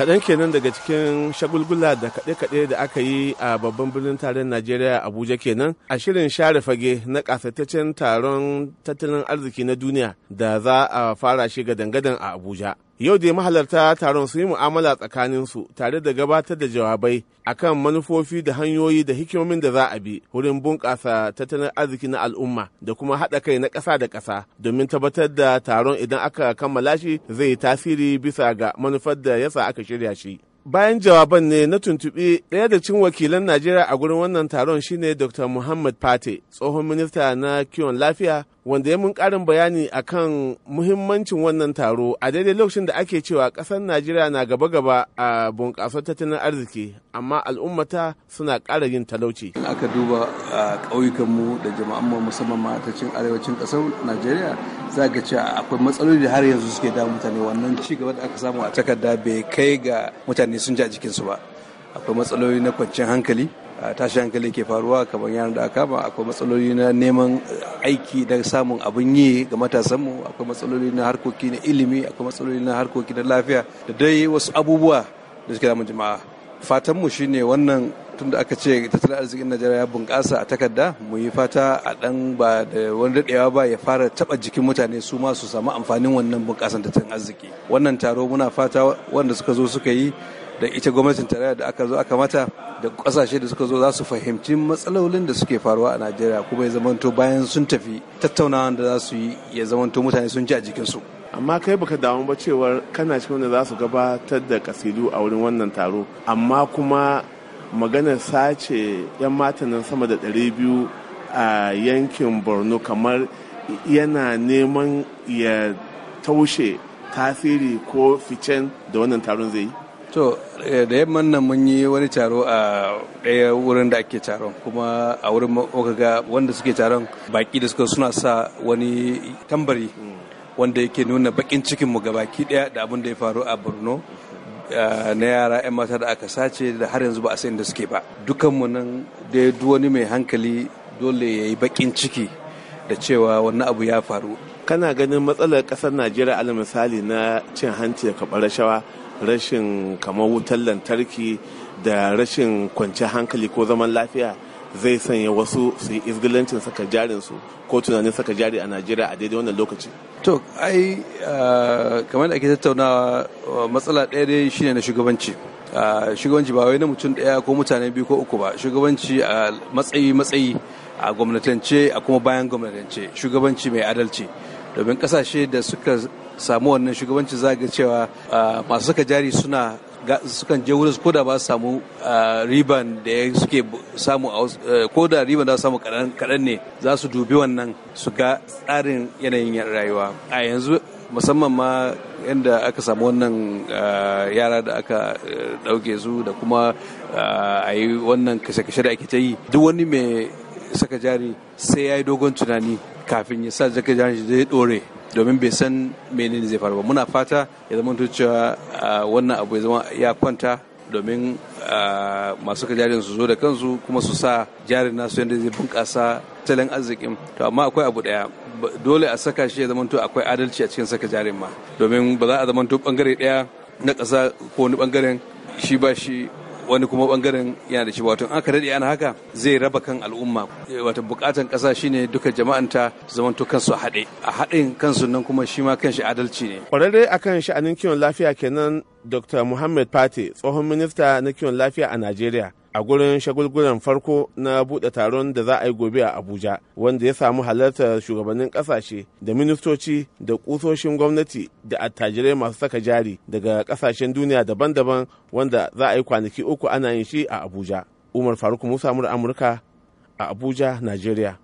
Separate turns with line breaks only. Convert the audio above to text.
kaɗan kenan daga cikin shagulgula da kaɗe-kaɗe da aka yi a babban birnin taron najeriya abuja kenan a shirin share fage na kasataccen taron tattalin arziki na duniya da za a fara shi gadan a abuja Yau dai mahalarta taron su yi mu'amala tsakaninsu tare da gabatar da jawabai akan manufofi da hanyoyi da hikimomin da za a bi wurin bunƙasa tattalin arziki na al'umma da kuma haɗa kai na ƙasa da ƙasa domin tabbatar da taron idan aka kammala shi zai tasiri bisa ga manufar da yasa aka shirya shi. bayan jawaban ne na tuntuɓi ɗaya da cin wakilan najeriya a gurin wannan taron shine dr muhammad pate tsohon minista na kiwon lafiya wanda ya mun karin bayani a kan muhimmancin wannan taro a daidai lokacin da ake cewa kasar najeriya na gaba-gaba a bunƙasar tattalin arziki amma al'ummata suna ƙara yin talauci aka duba
a ƙauyukanmu da jama'an mu musamman ma arewacin ƙasar najeriya za ga cewa akwai matsaloli da har yanzu suke da mutane wannan ci gaba da aka samu a takarda bai kai ga mutane sun ji a jikinsu ba akwai matsaloli na kwanciyar hankali tashi hankali ke faruwa kamar yaran da aka akwai matsaloli na neman aiki da samun abin yi ga matasanmu akwai matsaloli na harkoki na ilimi akwai matsaloli na harkoki na lafiya da dai wasu abubuwa da suke damun jama'a fatanmu shine wannan tunda aka ce tattalin arzikin najeriya ya bunƙasa a takarda mu yi fata a ɗan ba da wani daɗewa ba ya fara taɓa jikin mutane su ma su samu amfanin wannan bunƙasan tattalin arziki wannan taro muna fata wanda suka zo suka yi da ita gwamnatin tarayya da aka zo aka mata da ƙasashe da suka zo za su fahimci matsalolin da suke faruwa a najeriya kuma ya zamanto bayan sun tafi tattaunawa da za su yi ya zamanto mutane
sun ji a jikinsu amma kai baka damu ba cewar kana cikin wanda za su gabatar da kasidu a wurin wannan taro amma kuma maganar sace 'yan matan sama da 200 a yankin borno kamar yana neman ya taushe tasiri ko ficen da wannan taron zai yi to
eh, da yamman nan mun yi wani taro a ɗaya wurin da ake taron kuma a wurin ga wanda suke taron baki da suka suna sa wani tambari mm. wanda yake nuna bakin cikinmu gabaki daya da abin da ya faru a borno eh, na yara 'yan mata da aka sace da har yanzu ba a sayin da suke ba dukanmu nan da wani mai
hankali dole ya yi bakin ciki da cewa wani abu ya faru kana ganin matsalar kasar najeriya ala misali na cin hanci da kaɓar rashawa rashin kamar wutar lantarki da rashin kwanciyar hankali ko zaman lafiya zai sanya wasu su yi izgilancin saka jarinsu ko tunanin saka jari a najeriya a daidai wannan lokaci
to ai kamar da ake tattaunawa matsala ɗaya dai shine na shugabanci shugabanci ba wai na mutum ɗaya ko mutane biyu ko uku ba shugabanci a matsayi matsayi a gwamnatance a kuma bayan gwamnatance shugabanci mai adalci domin kasashe da suka samu wannan shugabanci zaga cewa masu saka jari suna sukan je wurin ko da ba su samu riban da suke samu eh, ko da riban da samu kaɗan ne za su dubi wannan su ga tsarin yanayin rayuwa a yanzu musamman ma yadda aka samu wannan yara da aka eh, ɗauke su da kuma a yi wannan kashe-kashe da ake ta yi duk wani mai saka jari sai ya yi dogon tunani kafin ya sa saka jari shi zai dore domin bai san menene zai faru ba muna fata ya zama cewa wannan abu ya zama ya kwanta domin masu ka jarin su zo da kansu kuma su sa jarin nasu yadda zai bunƙasa talin arzikin to amma akwai abu daya dole a saka shi ya zamanto akwai adalci a cikin saka jarin ma domin ba za a zamanta bangare daya na ƙasa ko wani bangaren shi ba shi wani kuma bangaren yana da shi wato an aka daɗe ana haka zai raba kan al'umma eh, wato bukatan ƙasa shine duka jama'anta zamanto kansu haɗe a haɗin kansu nan kuma shi ma kanshi adalci ne
kwararre akan sha'anin kiwon lafiya kenan dr muhammad pate tsohon minista na kiwon lafiya a najeriya a gurin shagulgulan farko na buɗe taron da za a yi gobe a abuja wanda ya samu halartar shugabannin ƙasashe da ministoci da ƙusoshin gwamnati da attajirai masu saka jari daga ƙasashen duniya daban-daban wanda za a yi kwanaki uku ana yin shi a abuja umar faruk musa amurka a abuja nigeria